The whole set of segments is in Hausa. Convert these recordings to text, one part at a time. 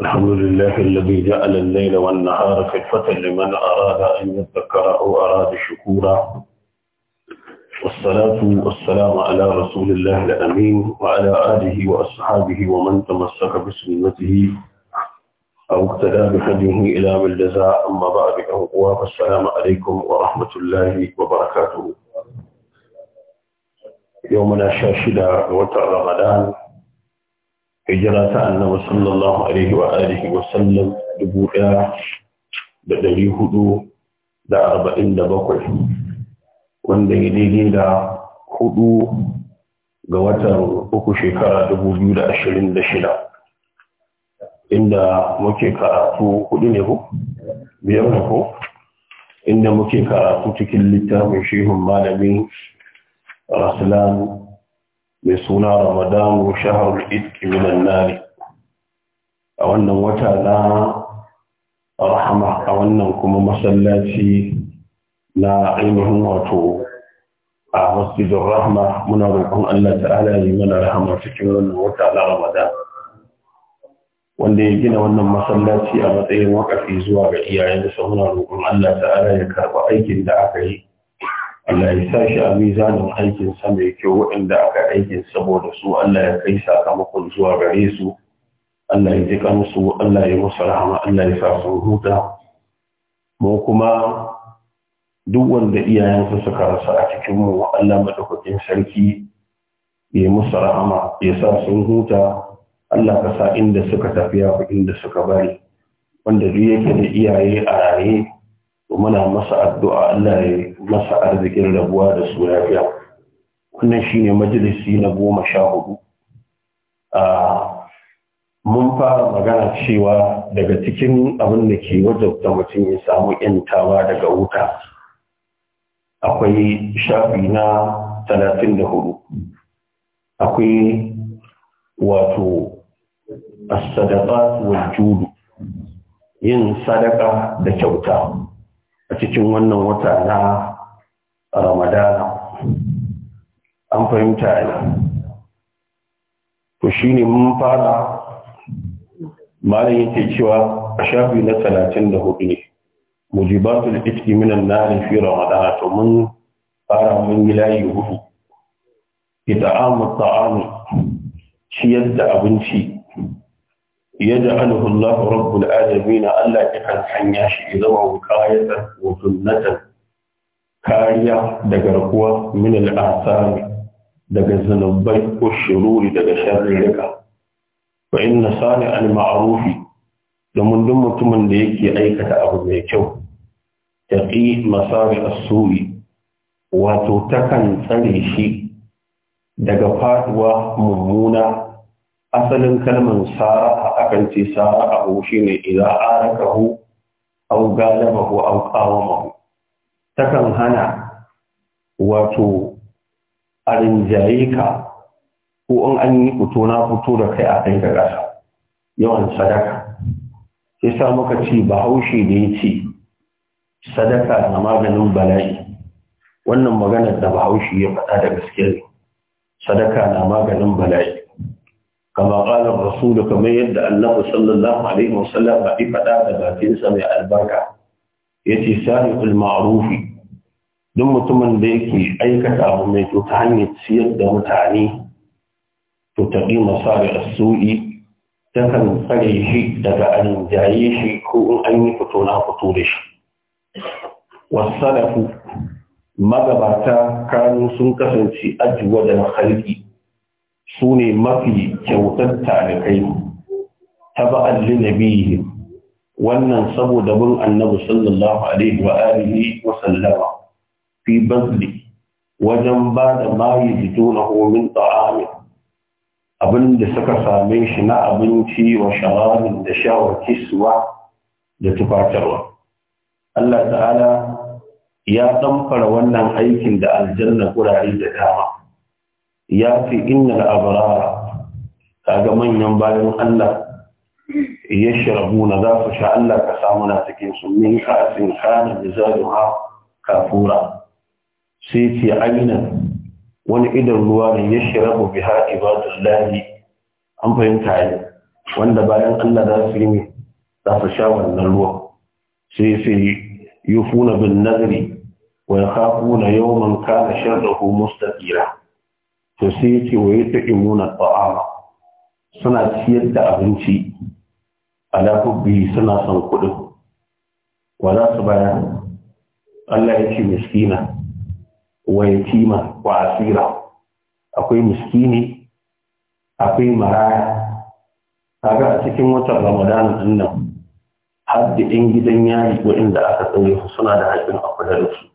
الحمد لله الذي جعل الليل والنهار خلفة لمن أراد أن يذكر أو أراد شكورا والصلاة والسلام على رسول الله الأمين وعلى آله وأصحابه ومن تمسك بسنته أو اقتدى بهديه إلى من جزاء أما بعد أنقوا السلام عليكم ورحمة الله وبركاته يومنا شاشدة وتر رمضان hijira ta annabi sallallahu alaihi wa alihi wa sallam dubu ɗaya da ɗari hudu da arba'in da bakwai wanda ya daidai da hudu ga watan uku shekara dubu biyu da ashirin da shida inda muke karatu hudu ne ko biyar ne ko inda muke karatu cikin littafin shehun malamin rasulan mai suna Ramadan shahar idki minan nari a wannan wata rahama a wannan kuma masallaci na ainihin wato a masjidin rahama muna roƙon Allah ta'ala yi mana rahama cikin wannan wata ramadan wanda ya gina wannan masallaci a matsayin wakafi zuwa ga iyayensa muna roƙon Allah ta'ala ya karɓa aikin da aka yi Allah ya sashi shi a mizanin aikin sa mai kyau waɗanda aka aikin saboda su Allah ya kai sakamakon zuwa gare su Allah ya jika musu Allah ya musu rahama Allah ya sa sun huta mu kuma duk wanda iyayensa suka rasa a cikin mu Allah madaukakin sarki ya musu rahama ya sa sun huta Allah ka sa inda suka tafiya ko inda suka bari wanda duk yake da iyaye a raye muna masa addu'a Allah ya masa arzikin rabuwa da su lafiya wannan shine majalisi na goma sha hudu mun fara magana cewa daga cikin abin da ke wajabta mutum ya samu ‘yantawa daga wuta akwai shafi na talatin da hudu akwai wato as-sadaqat wal yin sadaka da kyauta a cikin wannan wata na ramadana an fahimta ne to shi ne mun fara malin yake cewa a shafi na talatin da hudu ne mujibatul itki minan nari fi ramadana to mun fara mun yi layi hudu ita'amu ta'amu ciyar da abinci ya ji alhullah rabbul adamina Allah ya hanya shi zama wukayata wa sunnatan kaya da garkuwa min al'asami daga zanubai ko shiruri daga sharirika wa inna sani al-ma'arufi domin duk mutumin da yake aikata abu mai kyau ya fi masari a wato takan tsare shi daga faduwa mummuna asalin kalmar sara'a akan ce sara'ahu shine idza arakahu au galabahu aw qawamahu takan hana wato a ko in an yi fito na fito da kai a kai ga ƙasa yawan sadaka sai sa muka ce bahaushe da ya ce sadaka na maganin bala'i wannan maganar da bahaushe ya faɗa da gaske sadaka na maganin bala'i kama ƙalar rasulu kamar yadda annabi sallallahu alaihi wasallam ba faɗa da bakinsa mai albarka ya ce sari'ul ma'rufi duk mutumin da yake aikata abu mai to ta hanyar ciyar da mutane to ta ɗi masari'ar su'i ta kan tsare shi daga an jaye shi ko in an yi fito na fito da shi wasalafu magabata kanu sun kasance ajiwa da na su ne mafi kyautar talikai taba'an linabihi wannan saboda bin annabi sallallahu alaihi wa alihi wa sallama fi bazli wajen ba da mayi jito na homin ta'ami abin da suka same shi na abinci wa sharabin da shawar kiswa da tufatarwa Allah ta'ala ya ɗamfara wannan aikin da aljanna gurare da dama ya fi innal abrara kaga manyan bayan Allah yashrabuna za su sha Allah ka samu na cikin su min ka'sin kana mizajuha kafura sai ce aina wani idan ruwa ne yashrabu biha ibadullahi an fahimta ne wanda bayan Allah za su yi za su sha wannan ruwa sai sai yufuna bin nazri wa yakhafuna yawman kana sharruhu mustaqira to sai ya ce wa ya ta imuna ta'ama suna ciyar da abinci ala hubbi suna son kuɗi. wa za su bayar Allah ya ce miskina wa yatima wa asira akwai miskini akwai maraya kaga a cikin watan ramadan din nan haddi da gidan yari waɗanda aka tsaye suna da hakkin a da su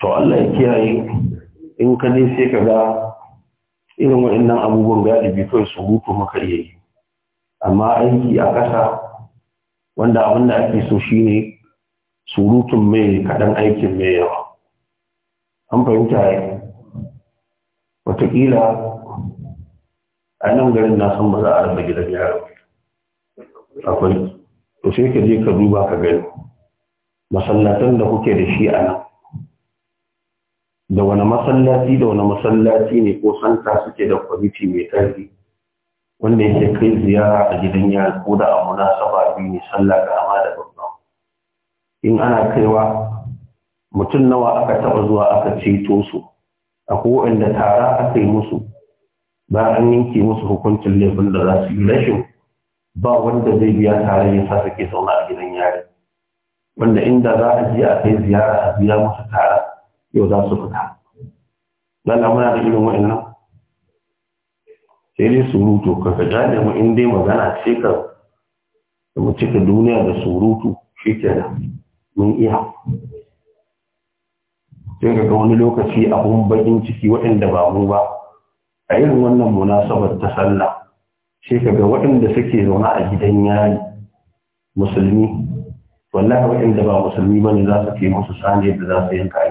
to Allah ya kiyaye in ka ne sai ka ga irin waɗannan abubuwan galibi su surutu maka iya yi amma aiki a ƙasa wanda abin da ake so shi ne surutun mai kaɗan aikin mai yawa an fahimta ya watakila a nan garin na san ba za a rasa gidan yaro akwai to sai ka je ka duba ka gani masallatan da kuke da shi a nan da wani masallaci da wani masallaci ne ko santa suke da kwamiti mai tarihi wanda yake kai ziyara a gidan yari ko da a munasaba biyu ne sallah da ama da babba in ana kaiwa mutum nawa aka taɓa zuwa aka ceto su akwai waɗanda tara aka yi musu ba an yanke musu hukuncin laifin da za su yi rashin ba wanda zai biya tare ya sa suke zauna a gidan yari wanda inda za a je a kai ziyara a biya musu tare yau za su fita lalla muna da irin wa'annan sai dai surutu ka ka ja da in dai magana ce ka mu cika duniya da surutu shi da mun iya sai ga wani lokaci abun bakin ciki waɗanda ba mu ba a irin wannan munasabar ta sallah sai ga waɗanda suke zaune a gidan yari musulmi wallahi waɗanda ba musulmi ba ne za su ke musu sani da za su yanka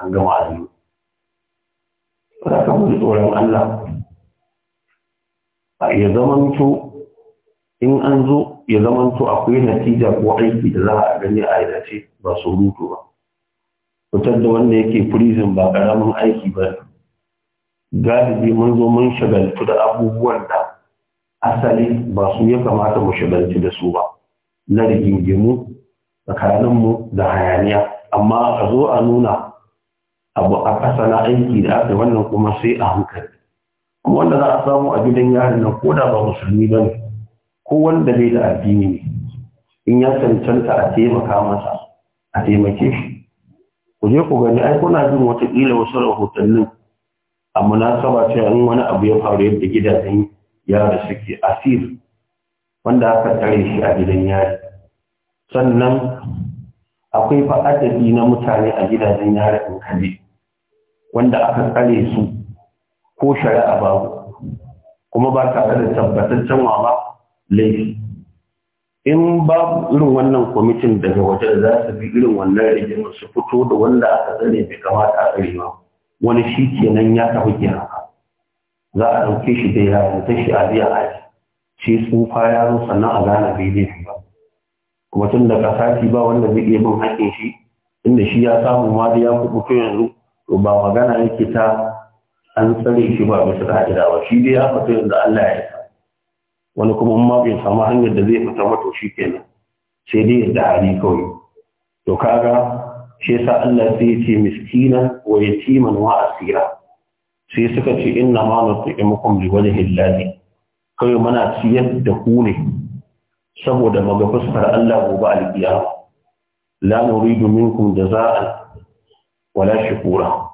an gama azu ka mun tsoron Allah ya zamanto in an zo ya zamanto akwai natija ko aiki da za a gani a idace ba surutu ba fitar da wanda yake prison ba karamin aiki ba galibi mun zo mun shagaltu da abubuwan da asali ba su ya kamata mu shagaltu da su ba na rigingimu tsakaninmu da hayaniya amma a zo a nuna abu a ƙasa na aiki da aka wannan kuma sai a hankali kuma wanda za a samu a gidan yari na koda ba musulmi ba ne ko wanda bai da addini ne in ya cancanta a taimaka masa a taimake shi ku je ku gani ai kuna jin watakila wasu rahotannin a munasaba cewa in wani abu ya faru yadda gidajen yara suke asir wanda aka tare shi a gidan yari sannan akwai fa'adadi na mutane a gidajen yari in kaje wanda aka tsare su ko shari'a babu kuma ba tare da tabbataccen wa ba laifi in ba irin wannan kwamitin daga waje da za su bi irin wannan rigimar su fito da wanda aka tsare bai kamata a tsare ba wani shi kenan ya tafi kenan za a ɗauke shi da ta shi a biya a shi tsufa ya zo sannan a gane bai laifi ba kuma tun da kasati ba wanda zai iya bin haƙƙin shi inda shi ya samu ma da ya kuɓuto yanzu to ba magana yake ta an tsare shi ba bisa ka'ida ba shi dai ya fito yanzu Allah ya sa wani kuma in ma bai samu hanyar da zai fita mato shi kenan sai dai da hali kawai to kaga shi yasa Allah sai ya ce miskina wa yatiman wa asira sai suka ce inna ma nutimukum li wajhi llahi kawai muna ciyar da ku ne saboda maga Allah gobe alkiyama la nuridu minkum jaza'an wala shukura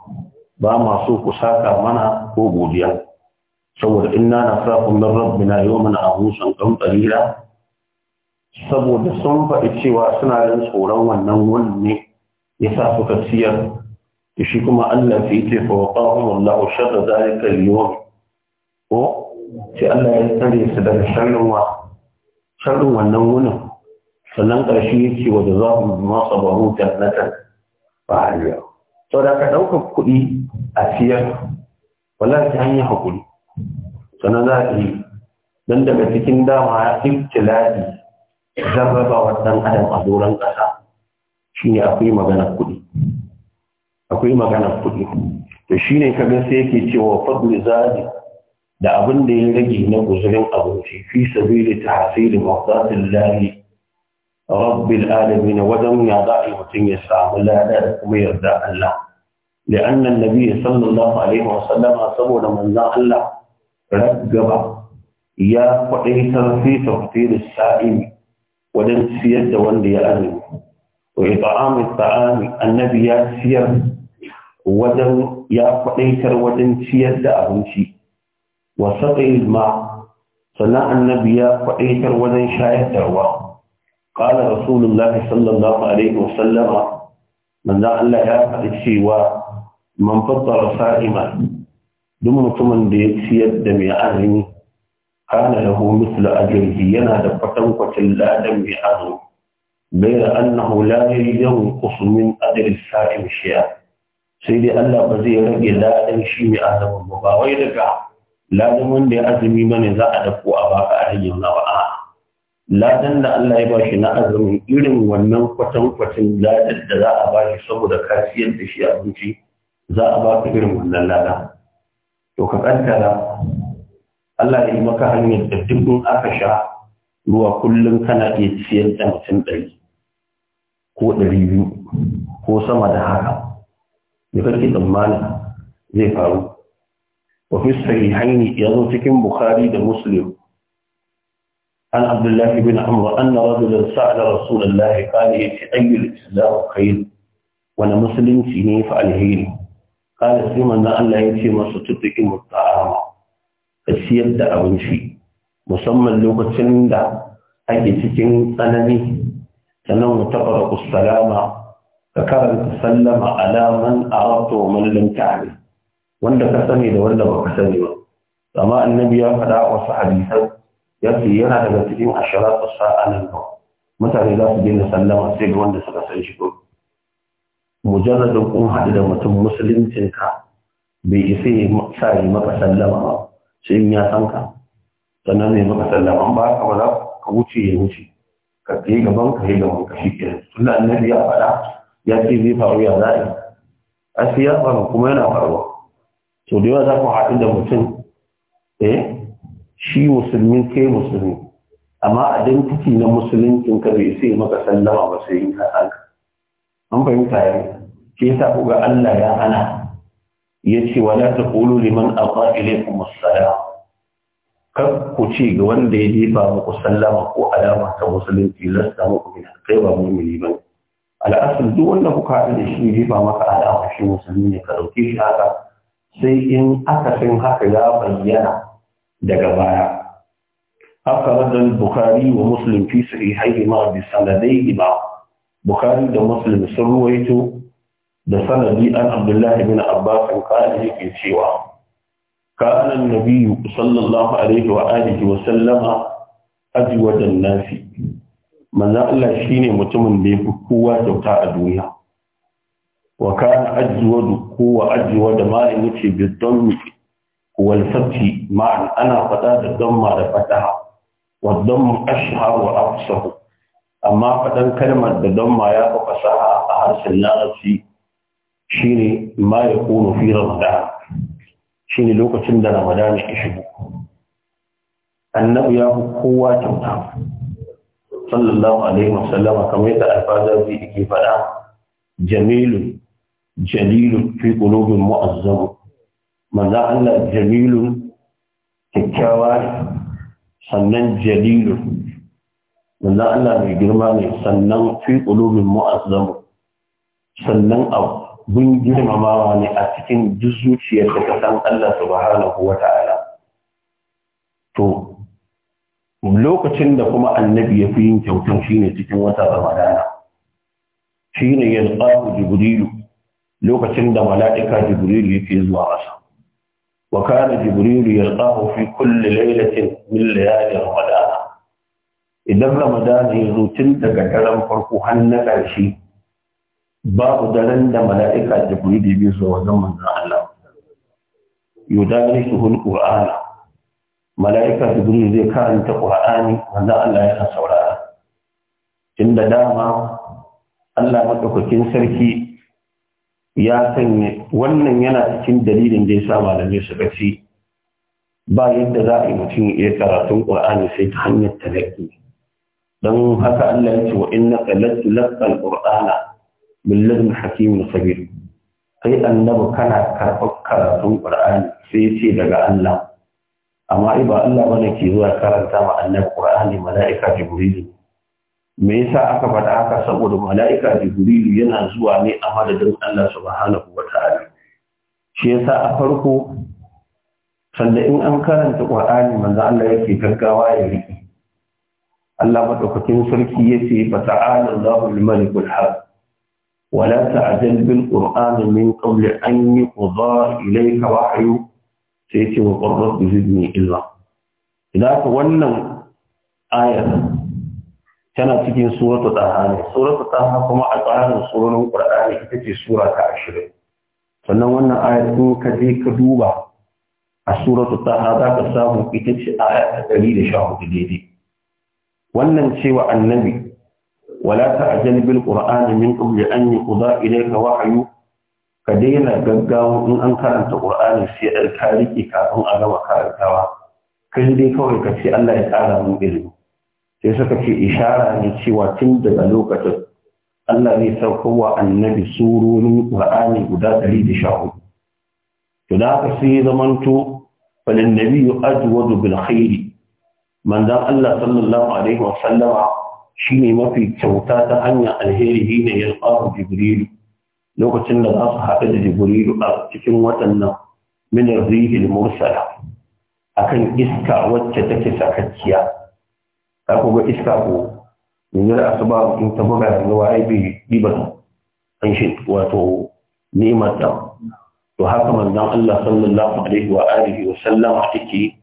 ba ma so ku saka mana ko godiya saboda inna nasraqu min rabbina yawman ahusan qam qalila saboda sun faɗi cewa suna yin tsoron wannan wanne ya sa suka siyar da shi kuma Allah fi ce fa wa qahum Allah sharra zalika al-yawm ko sai Allah ya tsare su daga sharrin wa sharrin wannan wunin sannan ƙarshe yake wa jazahum ma sabaru jannatan fa aliya sau da ka ɗaukar kuɗi a siyar wala ta hanyar haƙuri sannan za a yi don daga cikin dama ibtilali zarraba wa ɗan adam a doron ƙasa shi ne akwai maganar kuɗi akwai maganar kuɗi to shi ne ga sai yake cewa fadli zaɗi da abin da ya rage na guzurin abinci fi sabili ta hasili mawdatin lahi rabbil alamin wajen ya za'i mutum ya samu lada da kuma yarda Allah لأن النبي صلى الله عليه وسلم صبر من ذا الله رقب يا قديتر في تقدير السائل ودن سيد وندي أزم وإطعام الطعام النبي يا سير ودن يا قديتر ودن سيد أبنشي وسقي الماء صنع النبي يا قديتر ودن شاهد دروا قال رسول الله صلى الله عليه وسلم من ذا الله يا سوى من فطر صائما دم mutumin da ya siyar da mai azumi kana lahu mislu ajrihi yana da kwatankwacin ladan mai azumi bayar annahu la yanqus min ajri sa'im shay'a sai dai Allah ba zai rage ladan shi mai azumi ba wai daga ladan wanda ya azumi ba ne za a dafo a baka a rage nawa ladan da Allah ya bashi na azumi irin wannan kwatankwacin ladan da za a bashi saboda kasiyar da shi abinci za a ba ka irin wannan lada to ka kankara Allah ya yi maka hanyar da duk aka sha ruwa kullum kana iya ciyar da mutum ɗari ko ɗari biyu ko sama da haka da kake tsammanin zai faru wa sahihaini ya zo cikin bukhari da muslim عن عبد الله بن عمرو أن رجلا سأل رسول الله قال أي الإسلام خير وأنا مسلم فيني فعليه قال سيما أن لا يتي ما ستطعم الطعام ciyar da abinci musamman lokacin da ake cikin tsanani sannan mutafara kusurama ka karanta sallama alaman a wa manilin ta'ari wanda ka sani da wanda ba ka sani ba amma annabi ya faɗa wasu hadisan ya yana daga cikin ashirar a nan ba mutane za su daina sallama sai ga wanda suka san shi ko mujarradin kun haɗu da mutum musuluncin ka bai isa ya sa yi maka sallama ba sai in ya san ka sannan ne maka sallama ba ka ba za ka wuce ya wuce ka yi gaban ka yi gaban ka shi kenan tunda annabi ya faɗa ya ce zai faru ya za'a yi asiya faru kuma yana faruwa to da yawa za ku haɗu da mutum eh shi musulmi ke musulmi amma a kuki na musulmin ka bai sai maka sallama ba sai in ka an fahimta ya ke sa ku ga Allah ya hana ya ce wa la taqulu liman aqa ilaykum as-salam kar ku ce ga wanda ya jefa muku sallama ko alama ta musulunci lasta muku min kai ba mu'mini ba al'asal duk wanda kuka haɗu da shi jefa maka alama shi musulmi ne ka ɗauke shi haka sai in aka san haka ya bayyana daga baya. Haka wajen Bukhari wa Musulun fi su yi haihima da ima, Bukhari da Musulun sun ruwaito da sanadi an Abdullahi bin Abbas kare yake cewa, Ka'anan Nabiyu sallallahu Alaihi wa Alihi wa sallama aji wajen nasi, Allah shi ne mutumin da ya fi kowa kyauta a duniya. Wa ka'an ajiwa da kowa ajiwa da malin yake bidon mutum والفتح معا أنا فتاة الضمة لفتحة والضم أشهر وأفصح أما فتن كلمة الضمة يا فصحى أحرس اللغة شيني ما يكون في رمضان shine lokacin da Ramadan ya shigo annabi ya kowa kyauta sallallahu alaihi wasallama kamar yadda alfazabi yake faɗa jamilu jalilu fi manzan Allah jamilun kyakkyawa sannan jalilun manzan Allah mai girma ne sannan fi ulumin mu'azzamu sannan abun girmamawa ne a cikin duk zuciyar da kasan Allah subhanahu wa ta'ala to lokacin da kuma annabi ya fi yin kyautan shine cikin wata ramadana shine yalqahu jibrilu lokacin da mala'ika jibrilu yake zuwa wasa. وكان جبريل يلقاه في كل ليلة من ليالي رمضان idan ramadan ya zo tun daga daren farko har na ƙarshe babu daren da mala'ika jibril bai zo wajen manzon Allah yudani shuhul qur'ana mala'ika jibril zai karanta qur'ani manzon Allah yana dama Allah madaukakin sarki ya sanya wannan yana cikin dalilin da ya sa malamai suka ce ba yadda za a yi mutum iya karatun ƙur'ani sai ta hanyar talaki don haka Allah ya ce wa inna qalatu laqal qur'ana min hakimin sabir kai annabi kana karɓar karatun ƙur'ani sai ya ce daga Allah amma ai ba Allah bane ke zuwa karanta ma annabi ƙur'ani mala'ika jibrilu me yasa aka faɗa haka saboda mala'ika jibrilu yana zuwa ne a madadin Allah subhanahu wata'ala shi yasa a farko sanda in an karanta Qur'ani manzo Allah yake gaggawa ya riƙe Allah madaukakin sarki yace fa ta'ala Allahu al-malikul haq ولا تعجل بالقرآن من قبل أن يقضى إليك sai سيتي wa رب زدني إلا idan wannan ayar tana cikin suratu taha ne suratu taha kuma a tsarin surorin Kur'ani ita ce sura ta 20 sannan wannan aya ka je ka duba a suratu taha za ka samu ita ce aya ta hudu daidai wannan cewa annabi wala ta'jal bil qur'ani min qabli an yuqda ilayka wahyu ka daina gaggawa in an karanta qur'ani sai ka rike kafin a gama karantawa kai dai kawai ka ce Allah ya tsara mun ilimi sai suka ce ishara ne cewa tun daga lokacin Allah ne wa annabi surorin Qur'ani guda 114 to da haka sai zamanto falin nabi ajwadu bil khairi manzon Allah sallallahu alaihi wa sallama shine mafi kyauta ta hanyar alheri ne ya tsaro Jibril lokacin da za su haɗu da Jibril a cikin watannan min rizqil mursala akan iska wacce take sakakkiya za ga iska ko yanzu da asuba in ta buga yanzu ai bai ba. an shi wato ni'imar da to haka manzon Allah sallallahu alaihi wa alihi wa sallama take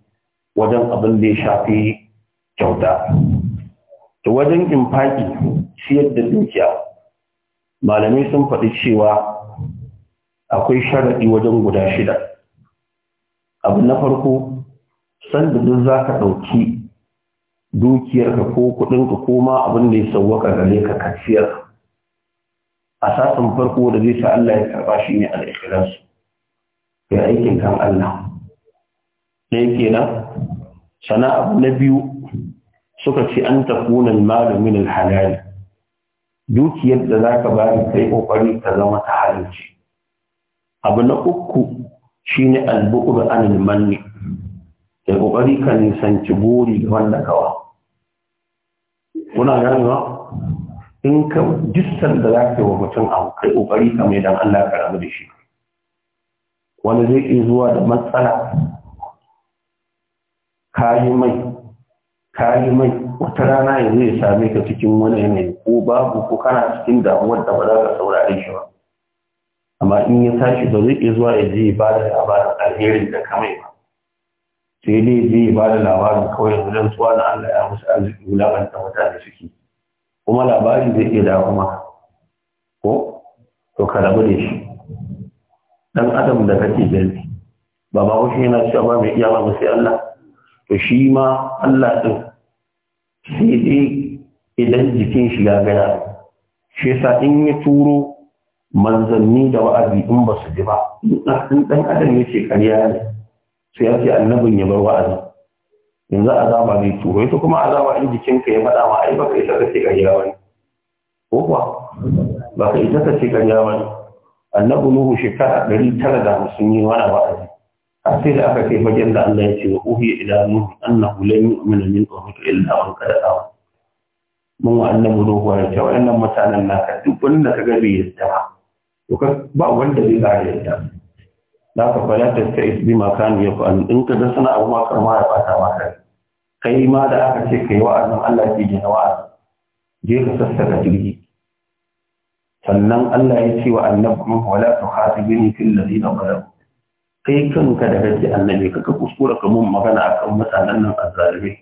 wajen abin da ya shafi kyauta to wajen infaki siyar da dukiya malamai sun faɗi cewa akwai sharaɗi wajen guda shida abu na farko sanda duk za ka ɗauki dukiyarka ko kuɗinka ko ma abin da ya sauwaka gare ka A sasan farko da zai sa Allah ya karɓa shi ne al'ikirar ya aikin kan Allah ɗaya kenan sana abu na biyu suka ce an tafunan malumin halali dukiyar da za ka bari kai ƙoƙari ta zama ta halarci abu na uku shine albu'ur anil manni da ƙoƙari ka nisanci buri ga wanda kawa kuna ganewa in ka jistan da za ka yi wa mutum a kai ƙoƙari ka mai don Allah ya karamu da shi wani zai iya zuwa da matsala kayi mai kayi mai wata rana ya zai same ka cikin wani yanayi ko babu ko kana cikin damuwar da ba za ka saurare shi ba amma in ya tashi ba zai iya zuwa ya je ba da labarin alherin da kamai ba sai dai zai ba da labarin kawai wajen tuwa na Allah ya musu arziki wulaƙanta mutane suke kuma labari zai iya dawo ma ko to ka rabu da shi dan adam da kake gani ba ma wuce yana cewa ba mai iya ba sai Allah to shi ma Allah din sai dai idan jikin shi ya gaya shi yasa in ya turo manzanni da wa'azi in ba su ji ba in dan adam ya ce ƙarya ne sai ya ce annabin ya bar wa'azi yanzu azaba zai turo ita kuma azaba in jikinka ya faɗa ma ai baka isa ka ce yawa wani ko kuwa baka isa ka ce yawa wani annabi nuhu shekara ɗari tara da hamsin yi wani wa'azi har sai da aka kai fagen da Allah ya ce wa uhiya ila nuhu annahu lan yu'mina min qaumika illa man qad amana mun wa annabi nuhu ya ce wa'annan mutanen naka duk wanda ka ga bai yadda ba ba wanda zai ƙara yadda da ka fara ta sai bi maka kan ya fa in ka da sana abu ma kar ma ya fata ma kai kai ma da aka ce kai wa'azin Allah ke gina wa'azi je ka sassaka jirgi sannan Allah ya ce wa annabi wala tukhatibni fil ladina zalamu kai kanka da gaske annabi kaka kuskura ka mun magana akan mutanen nan azzalimi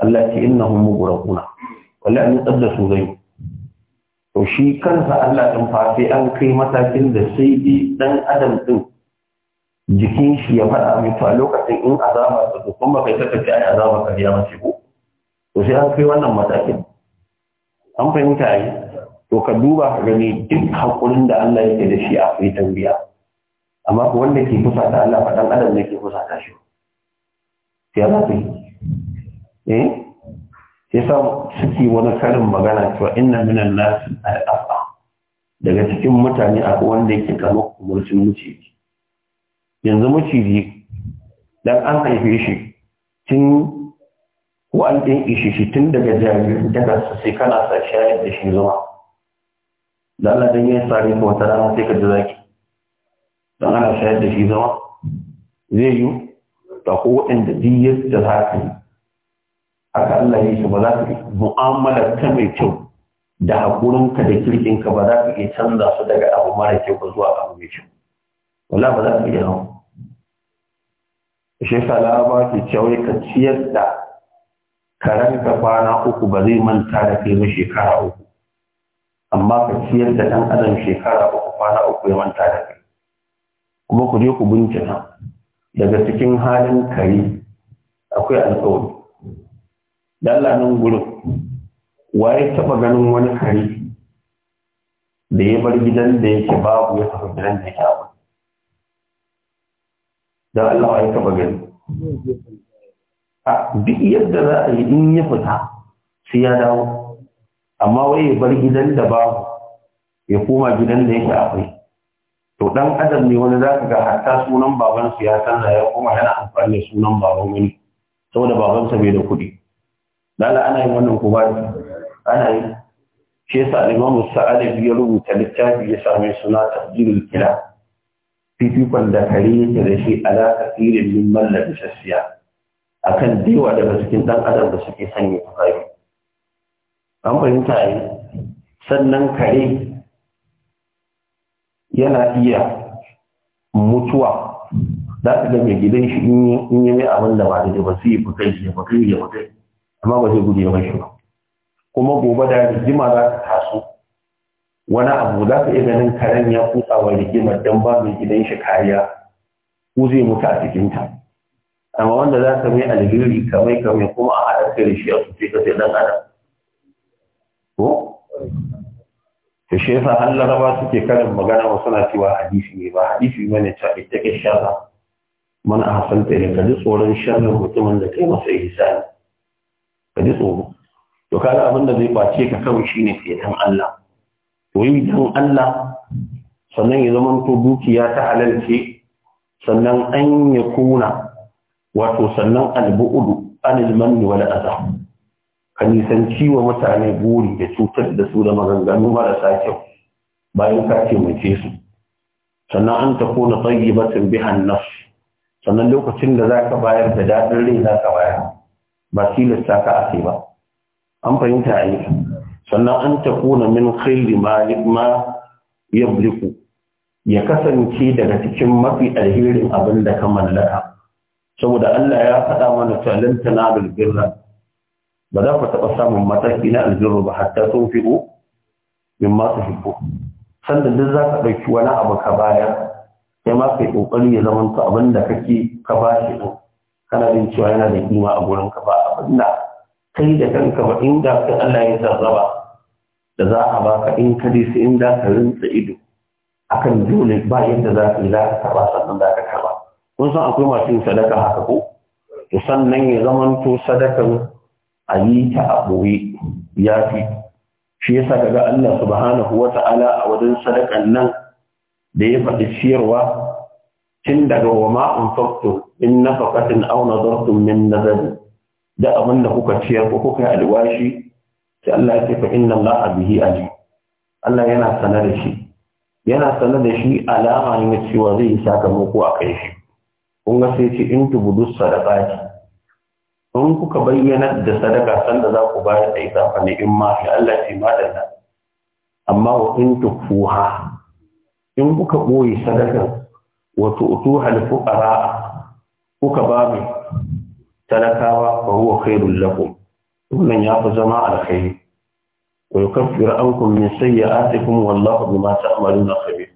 Allah ce innahum mughraquna wallahi an tabbasu zai to shi kansa Allah din fa sai an kai matakin da sai dan adam din jikin shi ya faɗa mai a lokacin in azaba ta to kuma kai ta ci ai azaba ka ya mace ko to sai an kai wannan matakin an fahimta yi to ka duba ka gani duk hakurin da Allah yake da shi a akwai tambiya amma ko wanda ke kusa ta Allah fa dan adam ne ke kusa ta shi sai Allah ta eh sai sa suke wani karin magana cewa inna minan nas al daga cikin mutane akwai wanda yake kamar kumurcin muciji yanzu maciji dan an haife shi tun ko an ɗin ishe shi tun daga jami'in daga su sai kana sa shayar da shi zuwa da Allah dan yi sare ko wata rana sai ka ji zaki don ana shayar da shi zama zai yi ta ko waɗanda diyar da za ka yi haka Allah ya yi ba za ka yi mu'amala ta mai kyau da haƙurinka da kirkinka ba za ka iya canza su daga abu mara kyau ba zuwa abu mai kyau wala ba za ka iya hau shi yasa laraba ke cewa ka ciyar da karen ka kwana uku ba zai manta da kai ba shekara uku amma ka ciyar da ɗan adam shekara uku kwana uku ya manta da kai kuma ku je ku bincika daga cikin halin kare akwai alƙawari dalla nan gurin waye taɓa ganin wani kare da ya bar gidan da yake babu ya tafi gidan da yake abu da Allah ya taba gani a duk yadda za a yi in ya fita sai ya dawo amma wai ya bar gidan da babu ya koma gidan da yake akwai to dan adam ne wani zaka ga hatta sunan baban su ya sanna ya koma yana amfani da sunan baban wani saboda baban sa bai da kuɗi Lala ana yin wannan kuma ana yi shi yasa al-Imam Sa'ad ya rubuta littafi ya same suna Tabdilul Kilam fifikon da kare yake da shi ala kafirin min mallabi shassiya akan dewa daga cikin dan adam da suke sanya tufafi an fahimta yi sannan kare yana iya mutuwa za ka ga mai gidan shi in yi mai abin da ba da da ba su yi shi ya fukai ya amma ba zai gudu ya bashi ba kuma gobe da rigima za ta wani abu za ka iya ganin karen ya kutsa wa rigimar don ba mai gidan shi kariya ku zai mutu a cikinta amma wanda za ka mai alheri kamai kamai kuma a haɗa kai da shi a ka sai ɗan adam ko to shi yasa har laraba suke karin magana ba suna cewa hadisi ne ba hadisi ba ne ta ita ke sharra a hasan ta ka ji tsoron sharrin mutumin da kai masa ihsani ka ji tsoro to kada abin da zai bace ka kawai shine fitan Allah Wai don Allah sannan ya zama to dukiya ta halalce sannan an ya kuna wato sannan albu'udu anil manni wani azam, ka nisanci wa mutane buri da cutar da su da maganganu marasa kyau bayan ka taimake su sannan an ta kona tsayyibatin bihan nafs sannan lokacin da za ka bayar da daɗin rai za ka bayar ba tilasta ka ake ba an fahimta a yi sannan an takuna min khayri malik ma yabliku ya kasance daga cikin mafi alherin abin da ka mallaka saboda Allah ya faɗa mana talanta na albirra ba za ku taɓa samun mataki na albirra ba hatta sun fi'o min masu hibbo sannan duk za ka ɗauki wani abu ka baya sai ma kai ƙoƙari ya zama ta abin da kake ka ba shi ɗin kana jin cewa yana da kima a gurin ka ba abin da kai da kanka ba inda kai Allah ya sarrafa da za a baka in ka je sai in ka rinsa ido akan dole ba yadda za ka yi za ka karba sannan za ka karba kun san akwai masu yin sadaka haka ko to sannan ya zamanto sadakan a yi ta a boye ya fi shi yasa ga Allah subhanahu wa ta'ala a wajen sadakan nan da ya faɗi ciyarwa tun daga wa ma'un faktor in na faƙatin auna zartun min nazari da abin da kuka ciyar ko kuka yi alwashi sai Allah ya ce inna Allah bihi Ali. Allah yana sana da shi yana sana da shi alama ne cewa zai yi sakamako a kai shi kun ga sai ce in tubudu sadaqati in kuka bayyana da sadaka sanda za ku bayar da ita fa ne in ma fi Allah ma da amma wa in tukfuha in kuka boye sadakar wa tu'tuha al-fuqara kuka ba talakawa fa huwa khairul lakum wannan ya fi zama alkhairi wa yukaffiru ankum min sayyi'atikum wallahu bima ta'maluna khabir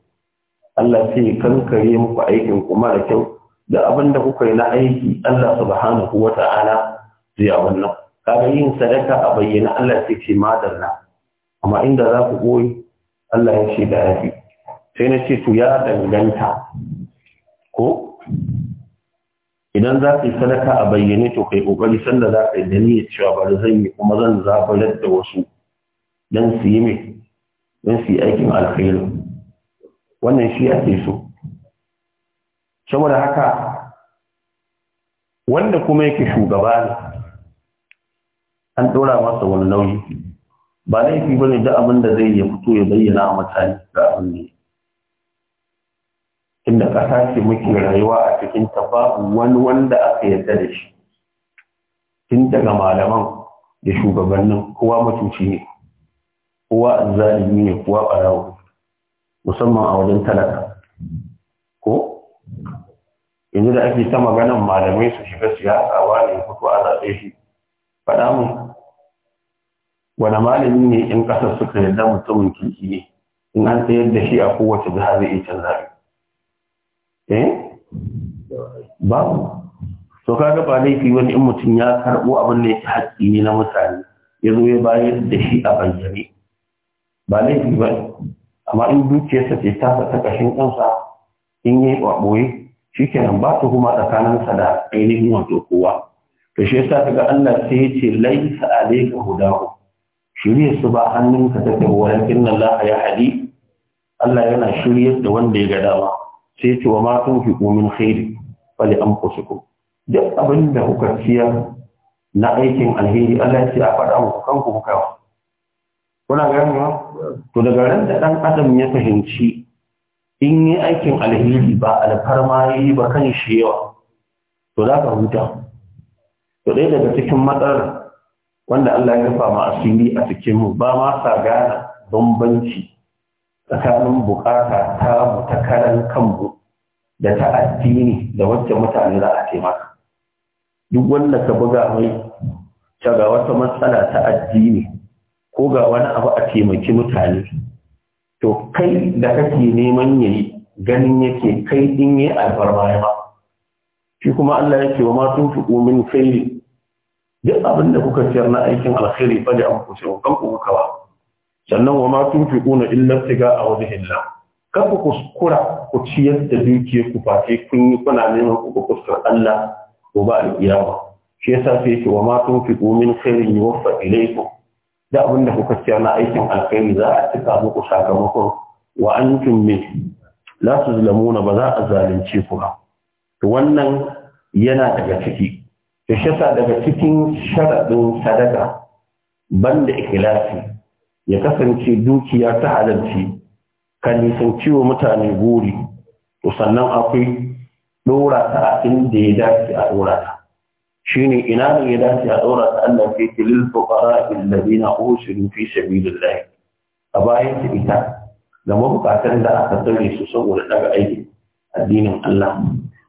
Allah ce kankare muku aikin ku mara kyau da abin da kuka yi na aiki Allah subhanahu wa zai a wannan kaga yin sadaka a bayyana Allah sai ce na. amma inda za ku koyi, Allah ya ce da yafi sai na ce to ya danganta ko idan za ka yi sadaka a bayyane to kai kokari sanda za ka yi da niyyar cewa da zan yi kuma zan zabarar da wasu dan su yi mai don su yi aikin alkhairi wannan shi ake so saboda haka wanda kuma yake shugaba ne an ɗora masa wani nauyi ba laifi ba ne da abin da zai ya fito ya bayyana a mutane ga abin ne inda ƙasa ce muke rayuwa a cikin ta babu wani wanda aka yarda da shi tun daga malaman da shugabannin kowa matuci ne kowa zalimi ne kowa ɓarawo musamman a wajen talaka ko yanzu da ake ta maganan malamai su shiga siyasa wa ne fito a zaɓe shi faɗa mu wani malami ne in ƙasar suka yarda mutumin kirki ne in an tsayar da shi a kowace jiha zai iya canza eh babu to kaga ba laifi wani in mutum ya karbo abin da yake haƙƙi ne na mutane ya zo ya bayar da shi a bayyane ba laifi ba amma in dukiyarsa ce ta ta ƙashin kansa in yi ɓaɓoye shi kenan ba ta kuma tsakaninsa da ainihin wato kowa to shi yasa ga Allah sai ya ce laisa alayka hudahu shirye su ba hannunka take walakin Allah ya hadi Allah yana shiryar da wanda ya ga dama sai ce wa matan fi min khairi fali ku. duk abin da kuka ciyar na aikin alheri Allah ya ce a faɗa muku kanku kuka kuna gani ba to daga ran da dan adam ya fahimci in yi aikin alheri ba alfarma yi ba kan shi yawa to za ka huta to ɗaya daga cikin matsalar wanda Allah ya kafa ma asiri a cikin mu ba ma sa gane bambanci tsakanin bukata ta mu ta karan kanmu da ta addini da wacce mutane za a taimaka duk wanda ka buga mai ta ga wata matsala ta addini ko ga wani abu a taimaki mutane to kai da kake neman ya yi ganin yake kai din yayi alfarma ba shi kuma Allah yake wa ma tunfiqu min khairin duk abin da kuka ciyar na aikin alkhairi fa da an kuka kan sannan wa ma tunfiquna illa tiga a wajhillah kar ku kuskura ku ciyar da dukiyarku ku fate kun yi kuna neman ku kuskura Allah ko ba iyawa. shi yasa sai ce wa ma tunfiqu min khairin yuwaffa ilaykum da abin da kuka ciyar na aikin alkhairi za a cika muku sakamakon wa antum min la tuzlamuna ba za a zalunce ku ba to wannan yana daga ciki to shi yasa daga cikin sharadin sadaka banda ikhlasi ya kasance dukiya ta halarci ka nisanci wa mutane guri to sannan akwai ɗora ta inda ya dace a ɗora ta shi ne ina ne ya dace a ɗora ta Allah fi tilil fuqara alladhina usiru fi sabilillah a bayan ta ita da mabukatan da aka tsare su saboda daga aiki addinin Allah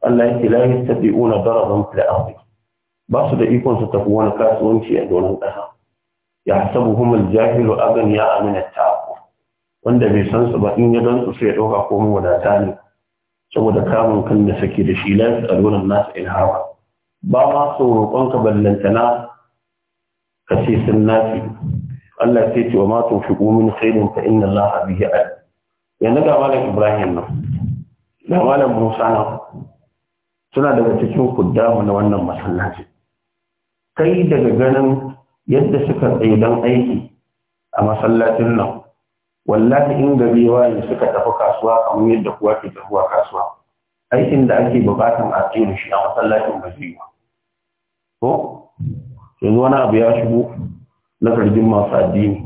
Allah yake la yastabi'una daraban fil ardi ba su da ikon su tafi wani kasuwanci a doron ƙasa jahilu, الجاهل أغنياء ya التعفف wanda bai san su ba in ya gansu sai ya ɗauka komai wadata ne saboda kamun kan da suke da shi la tsaronin in hawa. ba ma su roƙonka ballantana ka ce sun nafi Allah sai ce wa mata tunfiqu min khairin fa inna Allah bihi alim yanzu ga malam Ibrahim nan ga malam Musa nan suna daga cikin kuddamu na wannan masallaci kai daga ganin yadda suka tsaye don aiki a masallacin nan wallahi in gari ne suka tafi kasuwa kamar yadda kuwa ke tafiwa kasuwa aikin da ake bukatan a tsaye shi a masallacin ba zai ko yanzu wani abu ya shigo na zargin masu addini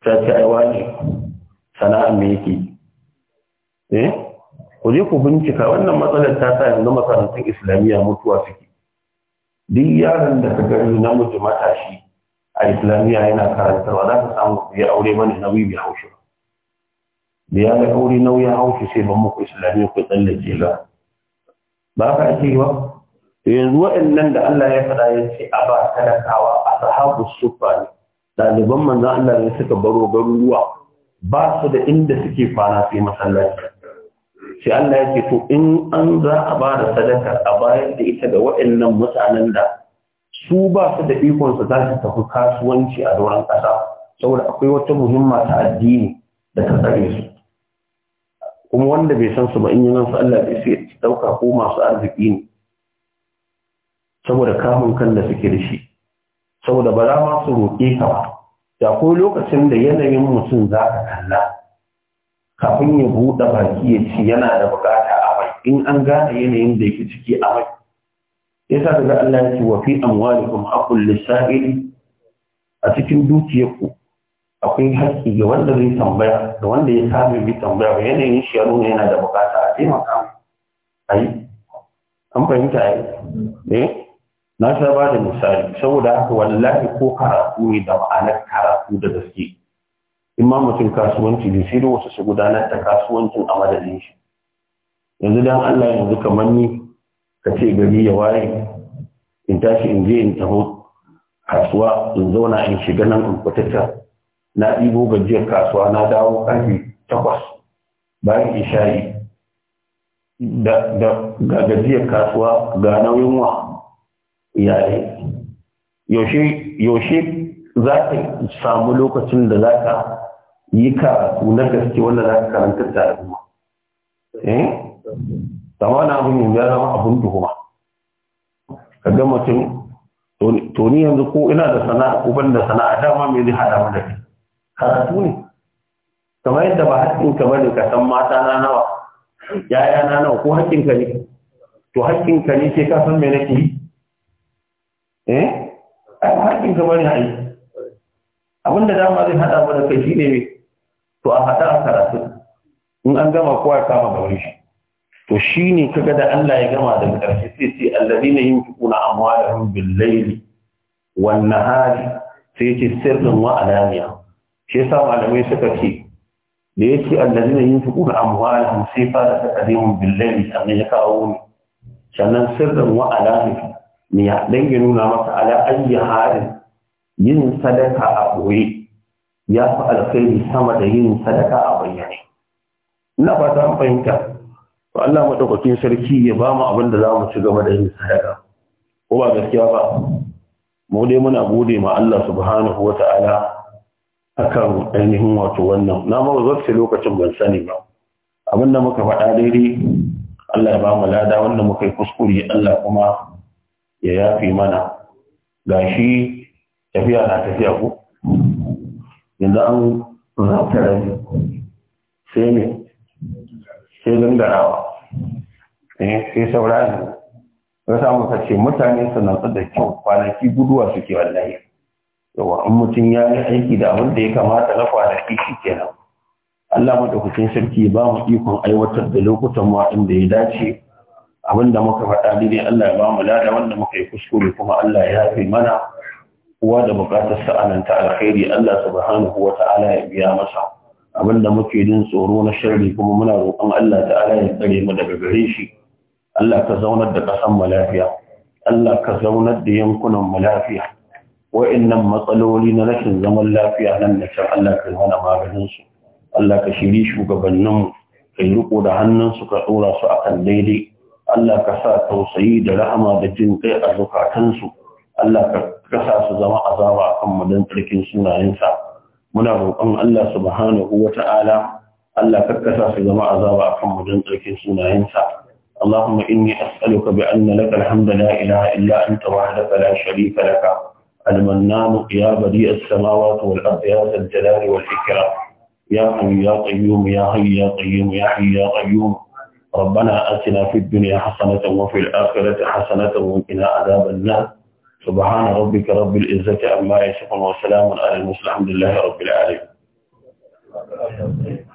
ta ce aiwa ne sana'a me yake eh ku je ku bincika wannan matsalar ta sa yanzu makarantun islamiyya mutuwa suke duk yaran da ka gani namiji matashi a islamiyya yana karantarwa za ka samu ya aure mana nauyi bai haushi ba da ya ga aure nauyi haushi sai ban muku islamiyya ku tsallace ba ba ka ake ba yanzu waɗannan da Allah ya faɗa ya ce a ba talakawa a sahabu sufa ne ɗaliban manzan Allah ne suka baro garuruwa ba su da inda suke kwana sai masallaci sai Allah ya ce to in an za a ba da sadaka a bayar da ita ga waɗannan mutanen da su ba su da ikon su za su tafi kasuwanci a doron ƙasa saboda akwai wata muhimma ta addini da ta tsare su kuma wanda bai san su ba in yi nan su Allah bai sai ɗauka ko masu arziki ne saboda kamun kan da suke da shi saboda ba za ma su roƙe ka ba da ko lokacin da yanayin mutum za ka kalla kafin ya buɗe baki ya ci yana da buƙata a mai in an gane yanayin da yake ciki a mai yasa kaga Allah yake wa fi amwalikum haqqul lisa'il a cikin dukiyarku akwai haƙƙi ga wanda zai tambaya da wanda ya samu bi tambaya ba yanayin shi ya nuna yana da bukata a taimaka ai an fahimta ai eh na sha ba da misali saboda haka wallahi ko karatu ne da ma'anar karatu da gaske in mutum kasuwanci bai sai da wasu su gudanar da kasuwancin a madadin shi yanzu dan Allah yanzu kamar ni ka ce gari ya waye in tashi in je in taho kasuwa in zauna in shiga nan in fitata na ɗibo gajiyar kasuwa na dawo ƙarfe takwas bayan isha'i da ga gajiyar kasuwa ga nauyin wa iyalai yaushe za ka samu lokacin da za ka yi karatu na gaske wanda za ka karanta da al'umma eh? tawana na abin yanzu ya zama abin tuhuma ka mutum to ni yanzu ko ina da sana'a ko ban da sana'a dama me zai hada mana kai karatu ne kamar yadda ba haƙƙin ka bane ka san mata na nawa yaya na nawa ko haƙƙin ka ne to haƙƙin ka ne sai ka san me nake yi eh ai haƙƙin ka bane ai abin da dama zai hada mana kai shine me to a hada a karatu in an gama kowa ya kama gaban shi to shi shine kaga da Allah ya gama da ƙarshe sai sai alladina yunfiquna amwalahum bil layli wan nahari sai yake sirrin wa alaniya shi yasa malamai suka ce da yake alladina yunfiquna amwalahum sai fara ta kadihum bil layli sannan ya kawo ni sannan sirrin wa alaniya ne ya dan nuna masa ala ayyi harin yin sadaka a boye ya fi alkhairi sama da yin sadaka a bayyane ina fata an fahimta to Allah madaukakin sarki ya ba mu abin da za mu ci gaba da yin sadaka ko ba gaskiya ba mu dai muna gode ma Allah subhanahu wata'ala akan ainihin wato wannan na ma wacce lokacin ban sani ba abin da muka faɗa daidai Allah ya ba mu lada wanda muka yi kuskure Allah kuma ya yafi mana gashi tafiya na tafiya ko yanzu an zafta sai ne sai gangarawa eh, sai saurari ya samu ce mutane su nan da kyau kwanaki guduwa suke wallahi yawa an mutum ya yi aiki da abin da ya kamata na kwanaki shi kenan Allah kucin sarki ba mu ikon aiwatar da lokutan mu inda ya dace abin da muka faɗa dai Allah ya ba mu lada wanda muka yi kuskure kuma Allah ya yafe mana uwa da buƙatar sa'ananta alkhairi Allah subhanahu wa ta'ala ya biya masa abinda muke jin tsoro na sharri kuma muna roƙon Allah ta'ala ya tsare mu daga gare shi Allah ka zaunar da ƙasan mu lafiya Allah ka zaunar da yankunan mu lafiya wa'annan matsaloli na rashin zaman lafiya nan da can Allah ka hana maganin su Allah ka shiri shugabannin mu kai riko da hannun su ka tsora su akan daidai Allah ka sa tausayi da rahama da jin kai a zukatansu Allah ka kasa su zama azaba akan mu dan tsarkin sunayensa muna roƙon Allah subhanahu wa ta'ala Allah kakkasa su zama azaba akan mu don tsarkin sunayensa اللهم إني أسألك بأن لك الحمد لا إله إلا أنت وحدك لا شريك لك المنان يا بديع السماوات والأرض يا ذا الجلال والإكرام يا حي يا قيوم يا حي يا قيوم يا حي يا قيوم ربنا آتنا في الدنيا حسنة وفي الآخرة حسنة وقنا عذاب النار سبحان ربك رب العزة عما يصفون وسلام على المسلم الحمد لله رب العالمين